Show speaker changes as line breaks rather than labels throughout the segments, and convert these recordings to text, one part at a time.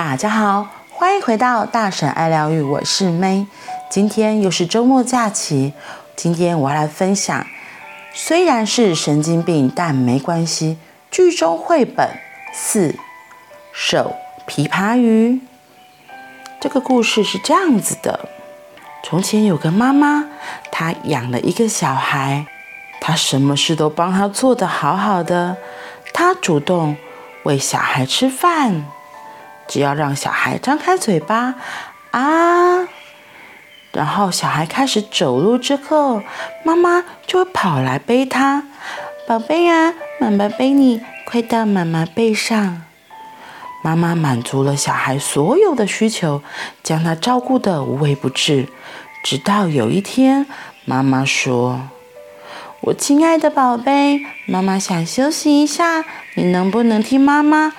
大家好，歡迎回到大嬸愛療癒，我是 May。今天又是週末假期，今天我要來分享，雖然是神經病，但沒關係。劇中繪本是《手，琵琶魚》，這個故事是這樣子的：從前有個媽媽，她養了一個小孩，她什麼事都幫他做得好好的，她主動餵小孩吃飯。只要讓小孩張開嘴巴啊，然後小孩開始走路之後，媽媽就會跑來背他。寶貝呀、啊，媽媽背你，快到媽媽背上。媽媽滿足了小孩所有的需求，將他照顧得無微不至，直到有一天，媽媽說：“我親愛的寶貝，媽媽想休息一下，你能不能聽媽媽？”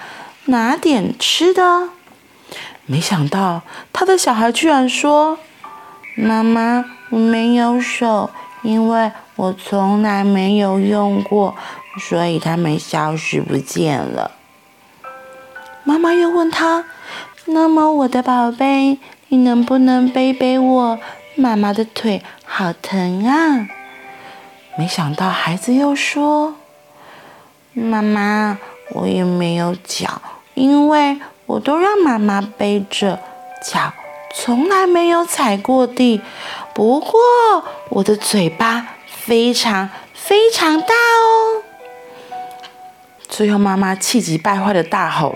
拿點吃的，沒想到他的小孩居然說：“媽媽，我沒有手，因為我從來沒有用過，所以它們消失不見了。”媽媽又問他：“那麼，我的寶貝，你能不能背背我？媽媽的腿好疼啊！”沒想到孩子又說：“媽媽，我也沒有腳。”因為我都讓媽媽背着，腳從來沒有踩過地。不過我的嘴巴非常非常大哦。最後媽媽氣急敗壞的大吼：“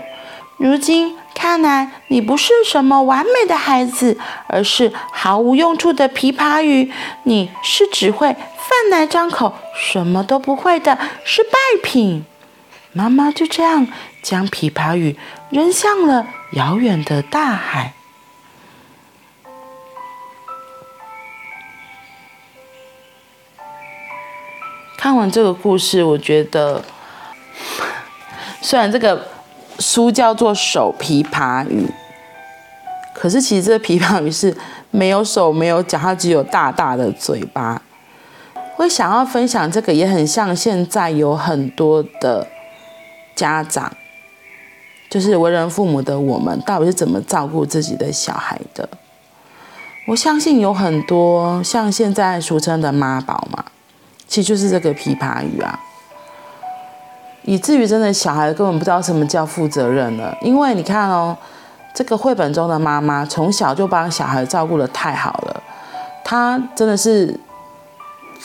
如今看來，你不是什麼完美的孩子，而是毫無用處的琵琶魚。你是只會飯來張口，什麼都不會的失敗品。”媽媽就這樣，將琵琶魚扔向了遙遠的大海。看完這個故事，我覺得，雖然這個書叫做《手琵琶魚》，可是其實這個琵琶魚是沒有手沒有腳，它只有大大的嘴巴。會想要分享這個，也很像現在有很多的家長。就是為人父母的我們，到底是怎麼照顧自己的小孩的？我相信有很多像現在俗稱的媽寶嘛，其實就是這個琵琶魚啊，以至於真的小孩根本不知道什麼叫負責任了。因為你看哦，這個繪本中的媽媽從小就把小孩照顧得太好了，她真的是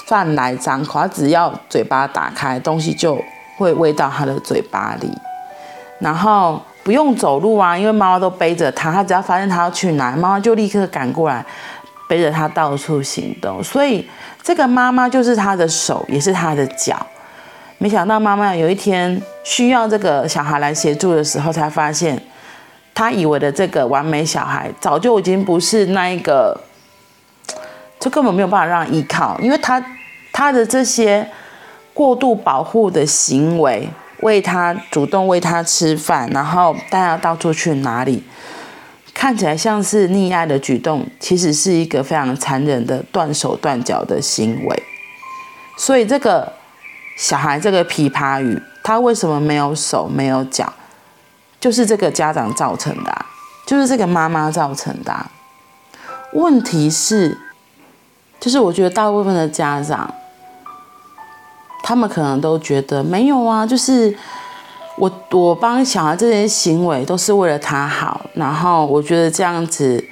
飯來張口，她只要嘴巴打開，東西就會餵到她的嘴巴裡。然後不用走路啊，因為媽媽都背着他，他只要發現他要去哪兒，媽媽就立刻趕過來背着他到處行動。所以這個媽媽就是他的手，也是他的腳。沒想到媽媽有一天需要這個小孩來協助的時候，才發現他以為的這個完美小孩，早就已經不是那一個，就根本沒有辦法讓依靠，因為他他的這些過度保護的行為。餵他，主動餵他吃飯，然後帶他到處去哪裡，看起來像是溺愛的舉動，其實是一個非常殘忍的斷手斷腳的行為。所以這個小孩，這個琵琶魚，他為什麼沒有手沒有腳？就是這個家長造成的啊，就是這個媽媽造成的啊。問題是，就是我覺得大部分的家長。他們可能都覺得沒有啊，就是我我幫小孩這些行為都是為了他好，然後我覺得這樣子，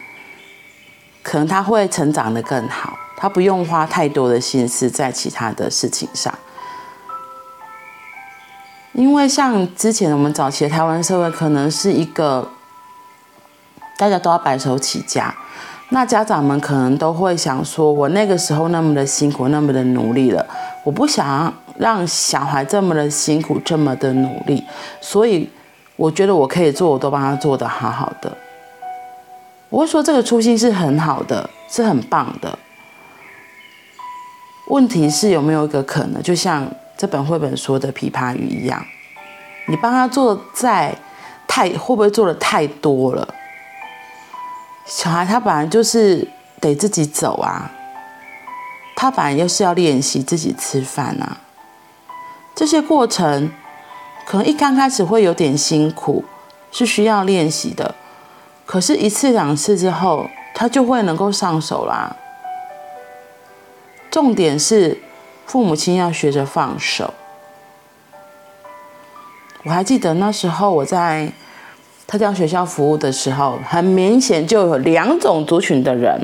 可能他會成長得更好，他不用花太多的心思在其他的事情上。因為像之前我們早期的台灣社會，可能是一個大家都要白手起家，那家長們可能都會想說，我那個時候那麼的辛苦，那麼的努力了。我不想讓小孩這麼的辛苦，這麼的努力，所以我覺得我可以做，我都幫他做得好好的。我會說這個初心是很好的，是很棒的。問題是有沒有一個可能，就像這本繪本說的琵琶魚一樣，你幫他做在太會不會做得太多了？小孩他本來就是得自己走啊。他反而又是要練習自己吃飯啊。這些過程，可能一剛開始會有點辛苦，是需要練習的。可是，一次兩次之後，他就會能夠上手啦。重點是父母親要學着放手。我還記得那時候我在特教學校服務的時候，很明顯就有兩種族群的人。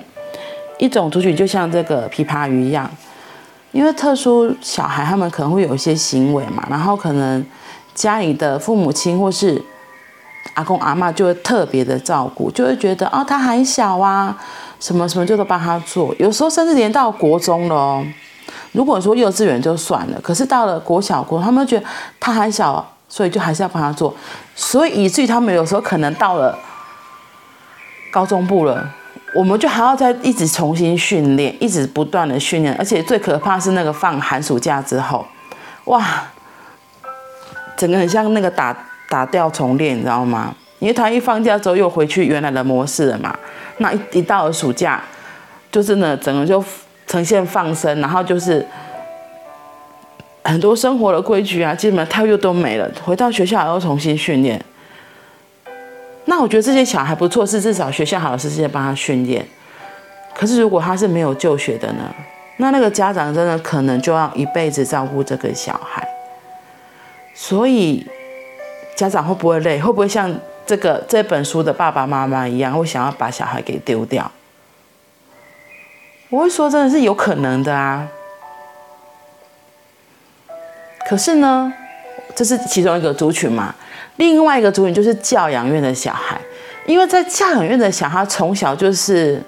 一種族群就像這個琵琶魚一樣，因為特殊小孩，他們可能會有一些行為嘛，然後可能家裡的父母親或是阿公阿媽就會特別的照顧，就會覺得啊、哦、他還小啊，什麼什麼就都幫他做，有時候甚至連到國中了、哦。如果說幼稚園就算了，可是到了國小國，他們就覺得他還小，所以就還是要幫他做，所以以至於他們有時候可能到了高中部了。我們就還要再一直重新訓練，一直不斷的訓練，而且最可怕是那個放寒暑假之後，哇，整個很像那個打打掉重練，你知道嗎？因為他一放假之後又回去原來的模式了嘛，那一一到了暑假，就是呢整個就呈現放生，然後就是很多生活的規矩啊，基本上他又都沒了，回到學校還要重新訓練。那我覺得這些小孩不錯，是至少學校好老師，是在幫他訓練。可是如果他是沒有就學的呢？那那個家長真的可能就要一輩子照顧這個小孩。所以家長會不會累？會不會像這個這本書的爸爸媽媽一樣，會想要把小孩給丟掉？我會說，真的是有可能的啊。可是呢，這是其中一個族群嘛，另外一個族群就是教養院的小孩，因為在教養院的小孩從小就是，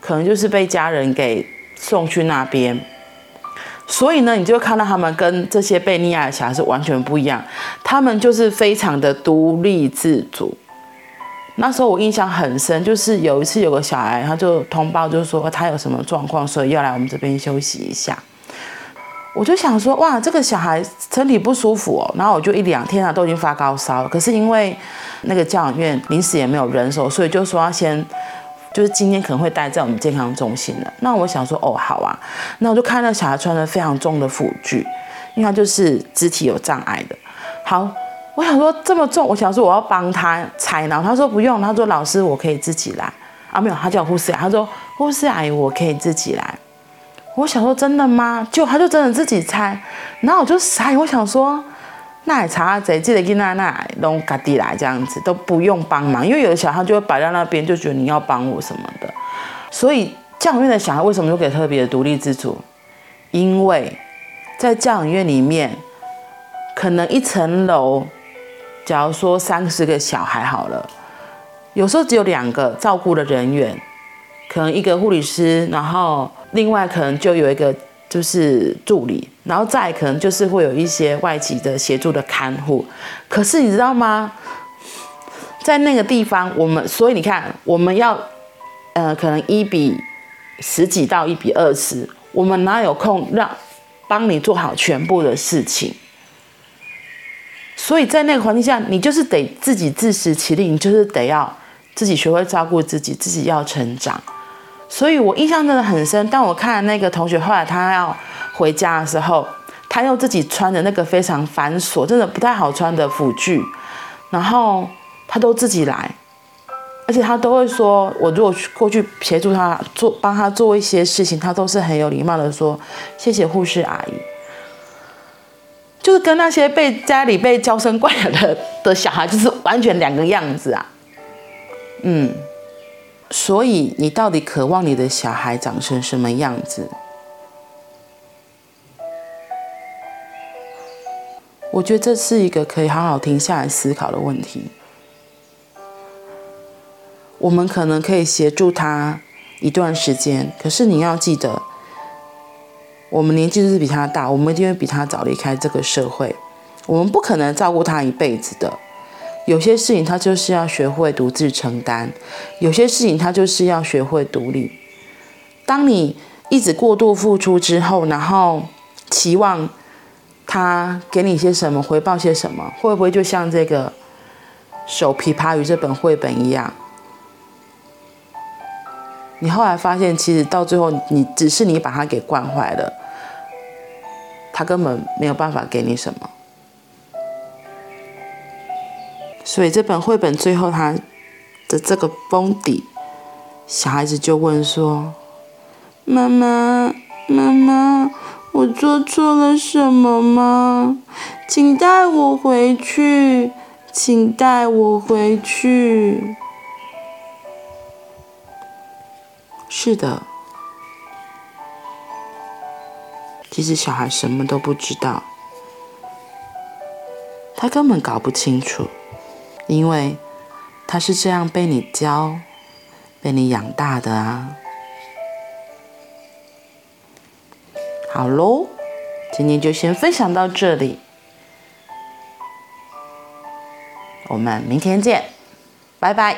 可能就是被家人給送去那邊，所以呢，你就看到他們跟這些被溺愛的小孩是完全不一樣，他們就是非常的獨立自主。那時候我印象很深，就是有一次有個小孩，他就通報就說他有什麼狀況，所以要來我們這邊休息一下。我就想說，哇，這個小孩身體不舒服哦，然後我就一兩天啊，都已經發高燒了。可是因為那個教養院臨時也沒有人手，所以就說要先，就是今天可能會待在我們健康中心了。那我想說，哦，好啊。那我就看到小孩穿着非常重的輔具，應該就是肢體有障礙的。好，我想說，這麼重，我想說我要幫他拆，然後他說不用，他說老師，我可以自己來啊。沒有，他叫護士阿姨，他說護士阿姨，我可以自己來。我想說，真的嗎？就他就真的自己猜，然後我就傻。我想說，那也差賊記得己那囡弄家迪來這樣子，都不用幫忙。因為有的小孩就會擺在那邊，就覺得你要幫我什麼的。所以，教養院的小孩為什麼就給特別的獨立自主？因為，在教養院裡面，可能一層樓，假如說三十個小孩好了，有時候只有兩個照顧的人員，可能一個護理師，然後。另外可能就有一個就是助理，然後再可能就是會有一些外籍的協助的看護。可是你知道嗎？在那個地方，我們所以你看，我們要呃可能一比十幾到一比二十，我們哪有空讓幫你做好全部的事情？所以在那個環境下，你就是得自己自食其力，你就是得要自己學會照顧自己，自己要成長。所以，我印象真的很深。但我看那個同學，後來他要回家的時候，他又自己穿著那個非常繁瑣、真的不太好穿的輔具，然後他都自己來，而且他都會說：“我如果過去協助他做，幫他做一些事情，他都是很有禮貌地說謝謝護士阿姨。”就是跟那些被家裡被嬌生慣養的的小孩，就是完全兩個樣子啊。嗯。所以，你到底渴望你的小孩長成什麼樣子？我覺得這是一個可以好好停下來思考的問題。我們可能可以協助他一段時間，可是你要記得，我們年紀是比他大，我們一定會比他早離開這個社會，我們不可能照顧他一輩子的。有些事情他就是要學會獨自承擔，有些事情他就是要學會獨立。當你一直過度付出之後，然後期望他給你些什麼回報些什麼，會不會就像這個《手琵琶魚》這本繪本一樣？你後來發現，其實到最後你，你只是你把他給慣壞了，他根本沒有辦法給你什麼。所以這本繪本最後，他的這個封底，小孩子就問說：“媽媽，媽媽，我做錯了什麼嗎？請帶我回去，請帶我回去。”是的，其實小孩什麼都不知道，他根本搞不清楚。因為他是這樣被你教，被你養大的啊。好嘍，今天就先分享到這裡。我們明天見，拜拜。